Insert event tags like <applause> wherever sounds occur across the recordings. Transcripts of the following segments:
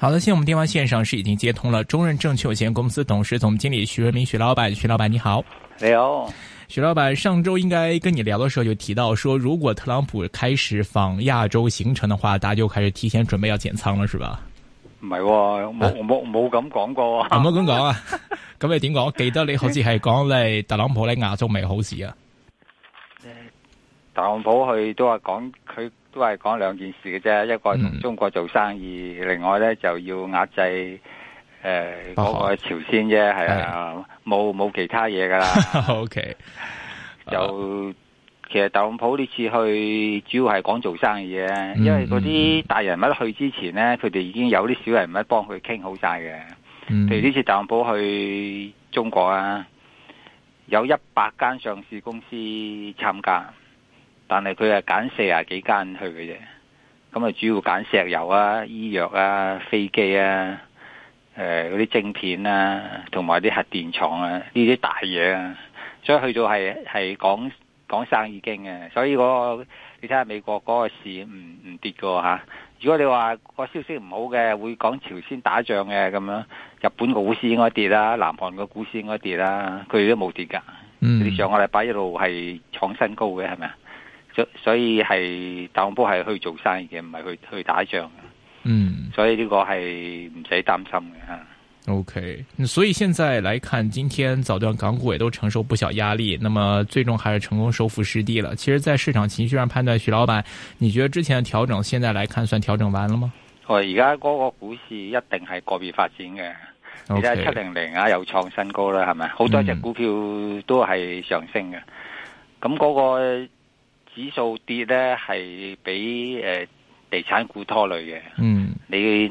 好的，現在我們電話線上是已經接通了。中潤證券有限公司董事總經理徐潤民，徐老闆，徐老闆你好，你好，徐老闆，上周應該跟你聊的時候就提到說，如果特朗普開始訪亞洲行程的話，大家就開始提前準備要減倉了，是吧？唔係、啊、我冇冇冇咁講過啊？冇咁講啊？咁你點講？我記得你好似係講你特朗普咧亞洲未好事啊？特朗普佢都係講。都係講兩件事嘅啫，一個同中國做生意，嗯、另外呢就要壓制誒嗰、呃嗰個朝鮮啫，係、哦、啊，冇冇、啊、其他嘢噶啦。 <laughs> OK，就、哦、其實特朗普呢次去主要係講做生意嘅、嗯，因為嗰啲大人物去之前呢，佢、嗯、哋已經有啲小人物幫佢傾好晒嘅。譬、嗯、如呢次特朗普去中國啊，有一百間上市公司參加。但係佢係揀四十幾間去嘅啫，咁啊主要揀石油啊、醫藥啊、飛機啊、誒嗰啲晶片啊，同埋啲核電廠啊呢啲大嘢啊，所以去到係係講講生意經嘅。所以嗰、那個你睇下美國嗰個市唔唔跌噶吓、啊？如果你話個消息唔好嘅，會講朝鮮打仗嘅咁樣，日本個股市應該跌啦、啊，南韓個股市應該跌啦、啊，佢哋都冇跌噶。嗯，你上個禮拜一路係創新高嘅係咪啊？所以係特朗普係去做生意嘅，唔係去去打仗嘅。嗯，所以呢個係唔使擔心嘅。O、okay, K，所以現在來看，今天早段港股也都承受不小壓力，那麼最終還是成功收復失地了。其實，在市場情緒上判斷，徐老闆，你覺得之前的調整，現在來看算調整完了嗎？我而家嗰個股市一定係個別發展嘅，而家七零零啊又創新高啦，係、okay, 咪？好多隻股票都係上升嘅。咁、嗯、嗰、那個。指數跌咧，係俾誒地產股拖累嘅。嗯，你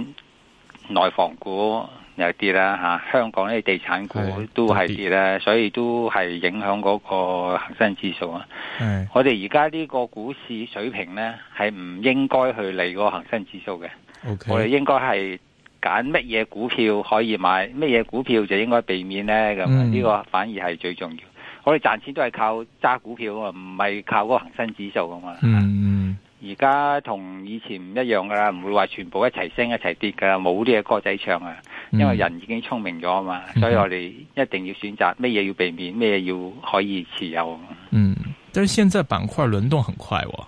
內房股又跌啦吓、啊，香港咧地產股都係跌啦，所以都係影響嗰個恒生指數啊、嗯。我哋而家呢個股市水平咧，係唔應該去理嗰個恒生指數嘅。Okay. 我哋應該係揀乜嘢股票可以買，乜嘢股票就應該避免咧。咁、嗯、呢、呢個反而係最重要的。我哋賺錢都係靠揸股票啊，唔係靠嗰個恆生指數啊嘛。嗯嗯，而家同以前唔一樣㗎喇，唔會話全部一齊升一齊跌㗎喇，冇啲嘢歌仔唱啊。因為人已經聰明咗啊嘛、嗯，所以我哋一定要選擇咩嘢要避免，咩嘢要可以持有。嗯，但係現在板塊輪動很快喎、哦。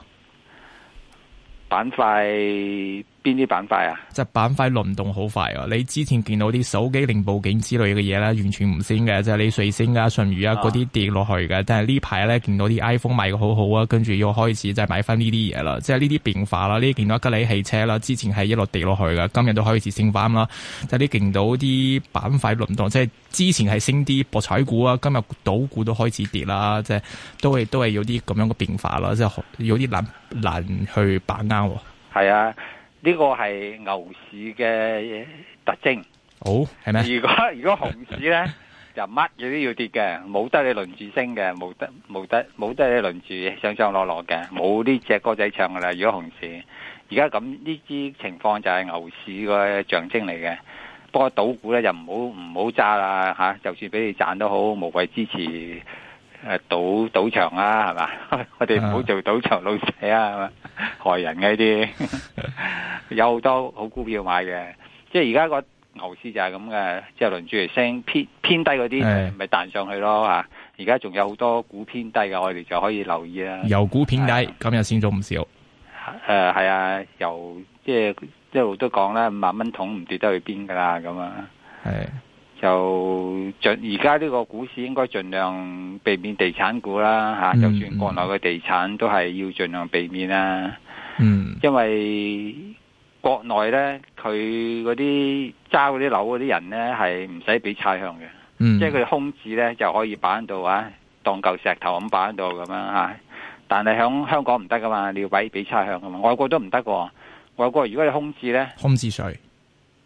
板塊。邊啲板塊啊？即係板塊輪動好快啊！你之前見到啲手機、零部件之類嘅嘢呢，完全唔升嘅，即係你瑞星啊、順宇啊嗰啲跌落去嘅、啊。但係呢排咧見到啲 iPhone 賣嘅好好啊，跟住要開始即係買翻呢啲嘢啦。即係呢啲變化啦、啊。呢啲見到吉利汽車啦、啊，之前係一路跌落去嘅，今日都開始升翻啦、啊。即係你見到啲板塊輪動，即係之前係升啲博彩股啊，今日賭股都開始跌啦。即係都係都係有啲咁樣嘅變化啦、啊。即係有啲難難去把握。係啊。呢、這個係牛市嘅特徵，好係咩？如果如果熊市咧， <laughs> 就乜嘢都要跌嘅，冇得你輪住升嘅，冇得冇得冇得你輪住上上落落嘅，冇呢隻歌仔唱噶啦。如果熊市，而家咁呢啲情況就係牛市嘅象徵嚟嘅。不過賭股咧就唔好唔好揸啦吓，就算俾你賺都好，無謂支持誒、啊、賭賭場啦、啊，係嘛？ <laughs> 我哋唔好做賭場老細啊。害人嘅呢啲， <laughs> 有好多好股票買嘅，即係而家個牛市就係咁嘅，即係輪住嚟升，偏偏低嗰啲咪彈上去咯啊！而家仲有好多股偏低嘅，我哋就可以留意啦。油股偏低，今日升咗唔少。誒、呃，係啊，油，即係一路都講啦，五萬蚊桶唔跌得去邊噶啦，咁啊，係。就盡而家呢個股市應該盡量避免地產股啦，嚇、嗯啊，就算國內嘅地產都係要盡量避免啦、啊。嗯，因為國內咧，佢嗰啲揸嗰啲樓嗰啲人咧，係唔使俾差餉嘅、嗯，即係佢空置咧就可以擺喺度啊，當嚿石頭咁擺喺度咁樣嚇。但係喺香港唔得噶嘛，你要擺俾差餉噶嘛，外國都唔得噶。外國如果你空置咧，空置稅。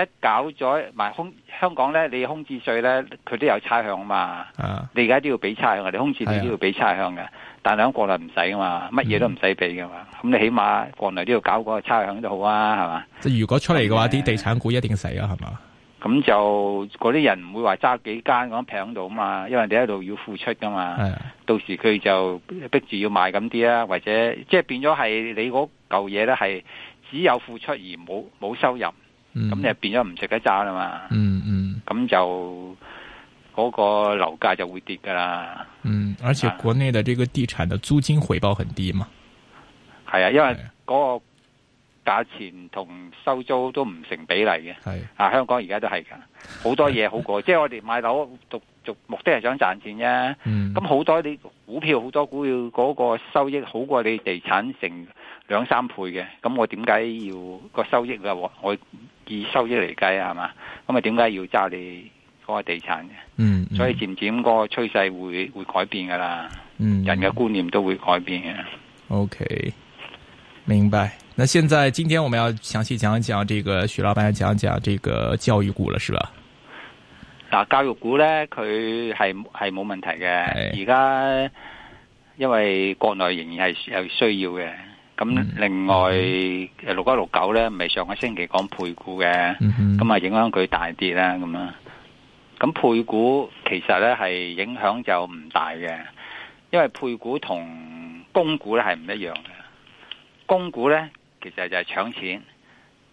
一搞咗，埋空香港咧，你空置稅咧，佢都有差餉嘛。啊、你而家都要俾差餉，我哋空置稅都要俾差餉嘅、啊。但係國內唔使啊嘛，乜嘢都唔使俾噶嘛。咁、嗯、你起碼國內都要搞嗰個差餉都好啊，係、嗯、嘛？即係如果出嚟嘅話，啲、啊、地產股一定死啊，係嘛？咁就嗰啲人唔會話揸幾間咁平到啊嘛，因為你喺度要付出噶嘛、啊。到時佢就逼住要賣咁啲啊，或者即係變咗係你嗰嚿嘢咧，係只有付出而冇冇收入。咁就變咗唔值得揸啦嘛，嗯嗯，咁就嗰個樓價就會跌噶啦。嗯，嗯，而且國內的這個地產的租金回報很低嘛，係啊，因為嗰個價錢同收租都唔成比例嘅，係啊，香港而家都係噶，好多嘢好過，即 <laughs> 係我哋買樓讀讀目的係想賺錢啫，咁、嗯、好多啲股票好多股票嗰個收益好過你地產成。兩三倍嘅，咁我點解要、這個收益嘅？我以收益嚟計係嘛，咁啊點解要揸你嗰個地產嘅、嗯？嗯，所以漸漸嗰個趨勢會會改變噶啦。嗯，人嘅觀念都會改變嘅。OK，明白。那現在今天我們要詳細講一講這個徐老闆講一講這個教育股了，是吧？嗱，教育股呢，佢係係冇問題嘅。而家因為國內仍然係需要嘅。咁另外六一六九咧，唔係上個星期講配股嘅，咁啊，影響佢大跌啦咁啦。咁配股其實咧係影響就唔大嘅，因為配股同供股咧係唔一樣嘅。供股咧其實就係搶錢，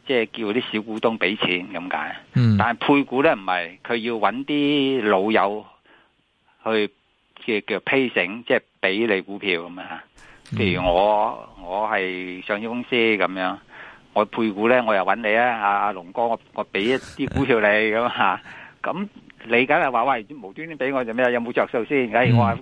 即係叫啲小股東俾錢咁解。但係配股咧唔係，佢要揾啲老友去叫叫批醒，即係俾你股票咁樣。譬如我我係上市公司咁樣，我配股咧我又揾你啊！阿阿龍哥，我我俾一啲股票你咁吓，咁你梗係話喂，無端端俾我做咩？有冇着數先？假如我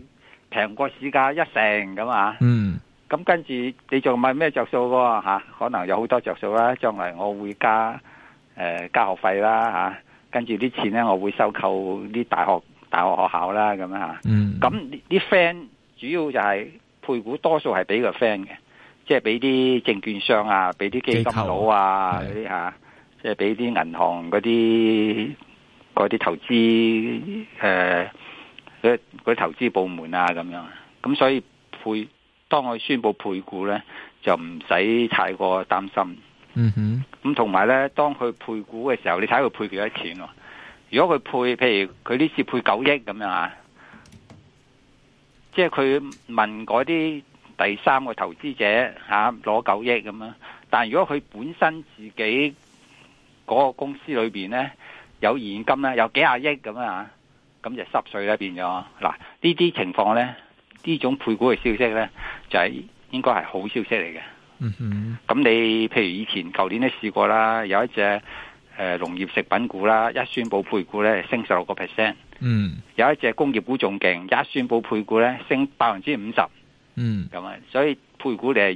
平過市價一成咁啊？嗯，咁跟住你仲問咩着數噶吓？可能有好多着數啦，將來我會加誒交學費啦吓，跟住啲錢咧我會收購啲大學大學學校啦咁啊，嗯，咁啲 friend 主要就係。配股多數係俾個 friend 嘅，即係俾啲證券商啊，俾啲基金佬啊嗰啲吓，啊、即係俾啲銀行嗰啲嗰啲投資誒，嗰、呃、啲投資部門啊咁樣。咁所以配當佢宣布配股咧，就唔使太過擔心。嗯哼。咁同埋咧，當佢配股嘅時候，你睇佢配幾多錢喎、啊？如果佢配，譬如佢呢次配九億咁樣啊。即係佢問嗰啲第三個投資者吓攞九億咁樣。但係如果佢本身自己嗰個公司裏邊呢，有現金咧有幾廿億咁啊，咁就濕碎咧變咗。嗱呢啲情況呢，呢種配股嘅消息呢，就係應該係好消息嚟嘅。咁、嗯、你譬如以前舊年都試過啦，有一隻誒、呃、農業食品股啦，一宣布配股呢，升十六個 percent。嗯，有一隻工業股仲勁，一宣布配股咧升百分之五十，嗯，咁啊，所以配股你係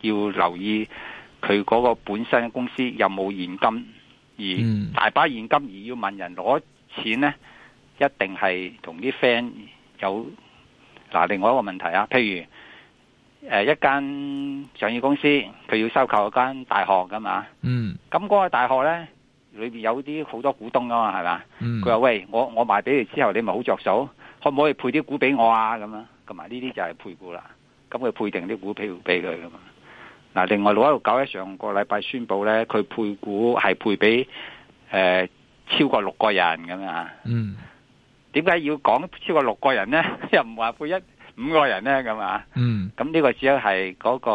要要留意佢嗰個本身嘅公司有冇現金，而大把現金而要問人攞錢咧，一定係同啲 friend 有嗱、啊、另外一個問題啊，譬如誒、呃、一間上市公司佢要收購一間大學噶嘛，嗯，咁嗰個大學咧。裏邊有啲好多股東啊嘛，係嘛？佢、嗯、話喂，我我賣俾你之後，你咪好着數，可唔可以配啲股俾我啊？咁啊，同埋呢啲就係配股啦。咁佢配定啲股票俾佢㗎嘛。嗱，另外六一六九一上個禮拜宣布咧，佢配股係配俾誒、呃、超過六個人咁啊。嗯，點解要講超過六個人咧？ <laughs> 又唔話配一五個人咧？咁啊？嗯，咁呢個只有係嗰個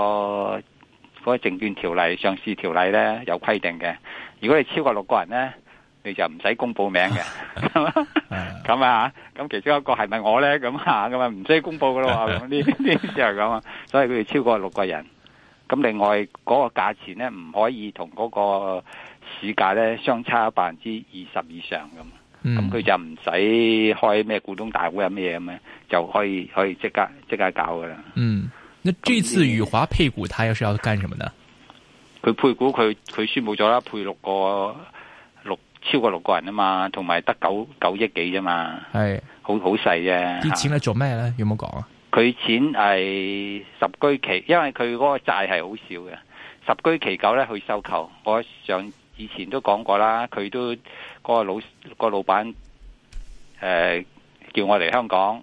嗰、嗰個證券條例上市條例咧有規定嘅。如果你超過六個人咧，你就唔使公布名嘅，咁啊咁其中一個係咪我咧？咁吓，咁啊唔需要公布噶啦，呢啲就係咁啊。 <laughs> <laughs> <laughs> <laughs> 所以佢哋超過六個人，咁另外嗰、嗰個價錢咧唔可以同嗰個市價咧相差百分之二十以上咁。咁佢就唔使開咩股東大會啊咩嘢咁咧，就可以可以即刻即刻搞噶啦。嗯，嗱呢次雨華配股，他又是要幹什麼呢？嗯佢配股佢佢宣布咗啦，配六個六超過六個人啊嘛，同埋得九九億幾啫嘛，係好好細啫。啲錢咧做咩咧？有冇講啊？佢錢係十居其，因為佢嗰個債係好少嘅，十居其九咧去收購。我上以前都講過啦，佢都嗰、嗰個老、嗰個老闆誒、呃、叫我嚟香港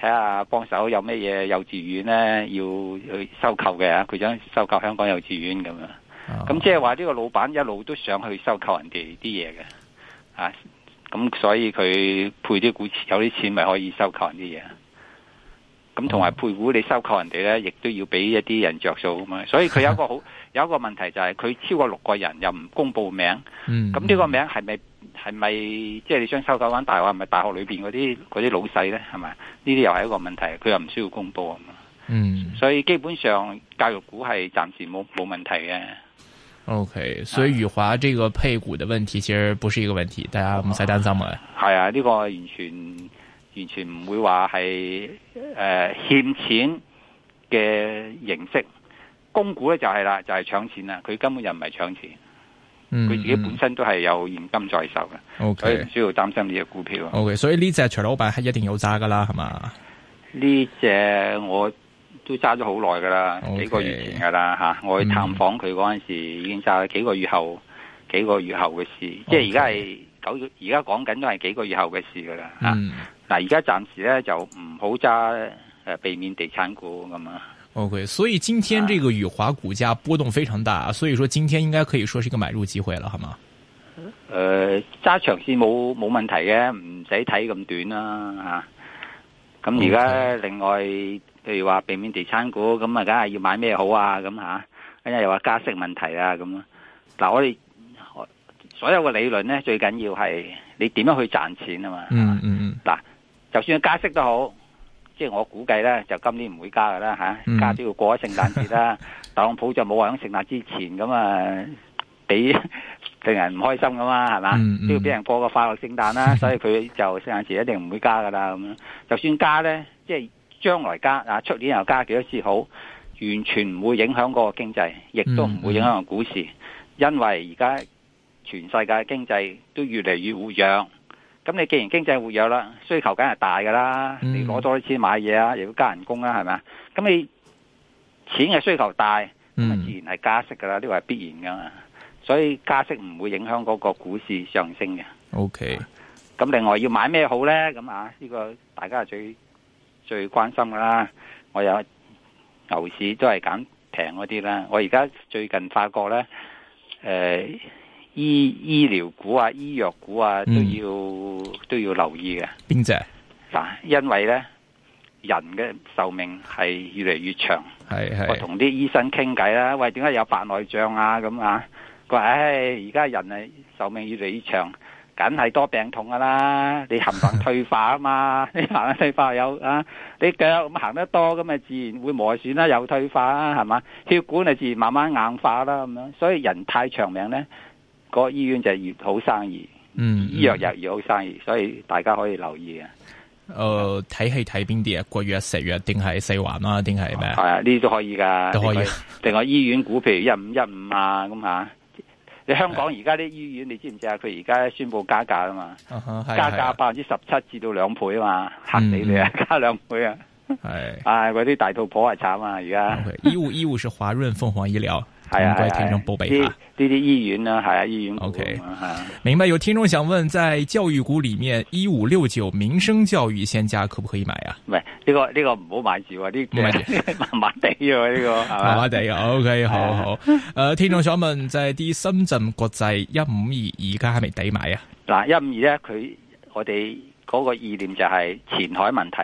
睇下幫手，有咩嘢幼稚園咧要去收購嘅啊？佢想收購香港幼稚園咁啊！咁即係話呢個老闆一路都想去收購人哋啲嘢嘅，啊，咁所以佢配啲股有啲錢咪可以收購人啲嘢。咁同埋配股，你收購人哋呢，亦都要俾一啲人着數啊嘛。所以佢有一個好有一個問題就係佢超過六個人又唔公布名，咁 <laughs> 呢個名係咪係咪即係你想收購翻大學？係咪大學裏邊嗰啲嗰啲老細呢？係咪？呢啲又係一個問題，佢又唔需要公布啊嘛。所以基本上教育股係暫時冇冇問題嘅。O.K.，所以宇華這個配股嘅問題其實不是一個問題，大家唔使擔心嘅。係、哦、啊，呢、這個完全完全唔會話係誒欠錢嘅形式，供股咧就係啦，就係、是、搶錢啦，佢根本就唔係搶錢，佢自己本身都係有現金在手嘅、嗯，所以唔需要擔心呢隻股票。O.K.，, okay 所以呢隻徐老闆係一定有揸噶啦，係嘛？呢隻我。都揸咗好耐噶啦，幾個月前噶啦吓，okay. 我去探訪佢嗰陣時已經揸幾個月後，幾個月後嘅事，okay. 即係而家係九月，而家講緊都係幾個月後嘅事噶啦吓。嗱、嗯，而家暫時咧就唔好揸，誒，避免地產股咁啊。O、okay. K，所以今天這個宇華股價波動非常大，啊，所以說今天應該可以說是一個買入機會了，好嗎？誒、呃，揸長線冇冇問題嘅，唔使睇咁短啦吓。咁而家另外。Okay. 譬如話避免地產股咁啊，梗係要買咩好啊咁吓，跟住又話加息問題啊咁。嗱、啊，我哋所有嘅理論咧，最緊要係你點樣去賺錢啊嘛。嗯嗯嗯。嗱、啊，就算加息都好，即係我估計咧，就今年唔會加噶啦吓、啊嗯，加都要過咗聖誕節啦、嗯。特朗普就冇話喺聖誕之前咁啊，俾令人唔開心噶嘛，係嘛，都、嗯嗯、要俾人過個快樂聖誕啦。所以佢就聖誕節一定唔會加噶啦。咁、啊，就算加咧，即係。將來加啊，出年又加幾多次好，完全唔會影響嗰個經濟，亦都唔會影響個股市，嗯嗯、因為而家全世界經濟都越嚟越活躍，咁你既然經濟活躍啦，需求梗係大噶啦、嗯，你攞多啲錢買嘢啊，又要加人工啦，係咪啊？咁你錢嘅需求大，嗯、自然係加息噶啦，呢個係必然噶嘛，所以加息唔會影響嗰個股市上升嘅。O K，咁另外要買咩好呢？咁啊，呢個大家最。最關心噶啦，我有牛市都係揀平嗰啲啦。我而家最近發覺咧，誒、呃、醫醫療股啊、醫藥股啊都要、嗯、都要留意嘅。邊隻？嗱，因為咧人嘅壽命係越嚟越長，係係。我同啲醫生傾偈啦，喂，點解有白內障啊？咁啊，佢話唉而家人啊壽命越嚟越長。梗係多病痛噶啦，你行行退化啊嘛， <laughs> 你行行退化有啊，你腳行得多，咁咪自然會磨損啦，又退化啦，係嘛？血管啊自然慢慢硬化啦，咁樣，所以人太長命咧，個醫院就越好生意，嗯，嗯醫藥又越好生意，所以大家可以留意、呃、啊。誒，睇戲睇邊啲啊？國藥食藥定係四環啊？定係咩啊？係啊，呢啲都可以噶，都可以。定係 <laughs> 醫院股，譬如一五一五啊，咁吓。你香港而家啲醫院，啊、你知唔知啊？佢而家宣布加價啊嘛，uh -huh, 加價百分之十七至到兩倍啊嘛，吓、uh、死 -huh, uh -huh, 你啊！Uh -huh, 加兩倍啊！係，唉，嗰啲大肚婆係慘啊！而、uh、家 -huh, 哎哎啊 okay, okay, <laughs> 醫護醫護是華潤鳳凰醫療。係啊，呢啲醫院啦，係啊，醫院、啊。O、okay. K、啊、明白。有聽眾想問，在教育股裏面，一五六九民生教育先家，可唔可以買啊？唔、這個這個啊這個、係，呢個呢個唔好買住喎，呢啲麻麻地嘅，呢個，麻 <laughs> 麻地。O K，好好。誒、啊呃，聽眾想問，就係啲深圳國際一五二，而家係咪抵買啊？嗱，一五二咧，佢我哋嗰個意念就係前海問題。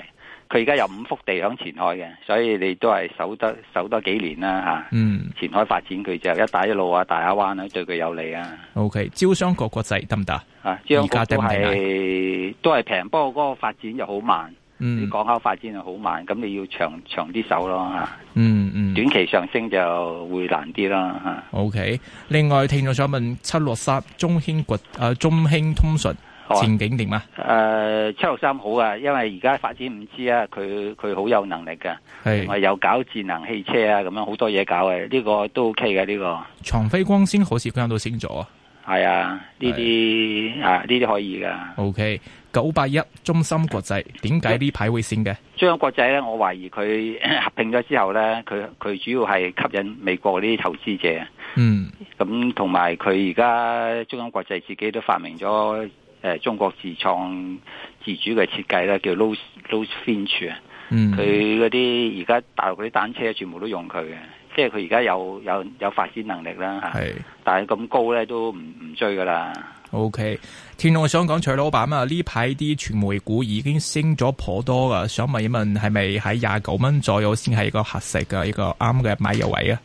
佢而家有五幅地喺前海嘅，所以你都係守得守得多幾年啦，吓、啊。嗯，前海發展佢就一帶一路啊，大亞灣啊，對佢有利啊。OK. 招商局國際得唔得？啊，招商局都係都係平，不過嗰個發展又好慢。嗯，你港口發展又好慢，咁你要長長啲手咯，吓、啊。嗯嗯，短期上升就會難啲啦。吓、啊。OK. 另外，聽眾想問：七六三、中興國啊、中興通訊。前景點啊？誒、哦，七六三好啊，因為而家發展 5G 啊，佢佢好有能力嘅，係又搞智能汽車啊，咁樣好多嘢搞嘅，呢、這個都 OK 嘅呢個。長飛光纖好似今日都升咗。係啊，呢啲啊呢啲可以噶。OK，九八一中芯國際點解呢排會升嘅？中芯國際咧，我懷疑佢合併咗之後咧，佢佢主要係吸引美國嗰啲投資者。嗯。咁同埋佢而家中芯國際自己都發明咗。誒，中國自創自主嘅設計咧，叫 Low Low Finch 啊，佢嗰啲而家大陸嗰啲單車全部都用佢嘅，即係佢而家有有有發展能力啦吓。係，但係咁高咧都唔唔追噶啦。OK，天龍我想講徐老闆啊，呢排啲傳媒股已經升咗頗多噶，想問一問係咪喺廿九蚊左右先係一個合適嘅一個啱嘅買入位啊？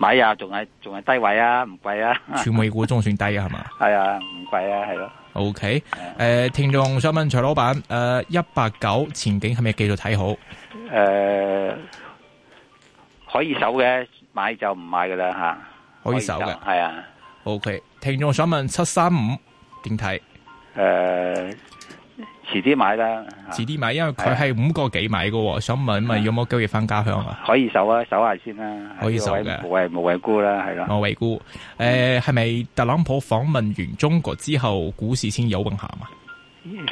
買啊，仲係仲係低位啊，唔貴啊，傳媒股中算低 <laughs> 啊，係嘛？係啊，唔貴啊，係咯。O K，誒，聽眾想問徐老闆，誒、呃，一八九前景係咪繼續睇好？誒、呃，可以守嘅，買就唔買噶啦吓。可以守嘅，係啊。OK，聽眾想問七三五點睇？誒、呃。遲啲買啦，遲啲買，因為佢係五個幾米嘅、啊，想問一問有冇機會翻家鄉啊？可以搜啊，搜下先啦。可以搜嘅，無謂無謂沽啦，係咯。無謂估。誒，係咪、啊嗯嗯、特朗普訪問完中國之後，股市先有運行啊？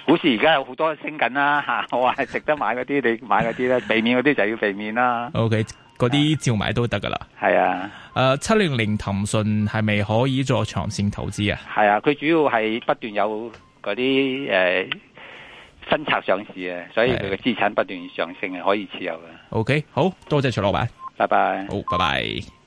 股市而家有好多升緊、啊、啦，吓，我話係值得買嗰啲， <laughs> 你買嗰啲咧，避免嗰啲就要避免啦。O K，嗰啲照買都得噶啦。係啊，誒，七零零騰訊係咪可以做長線投資啊？係啊，佢主要係不斷有嗰啲誒。新策上市啊，所以佢嘅資產不斷上升啊，可以持有嘅。OK，好多謝徐老闆，拜拜。好，拜拜。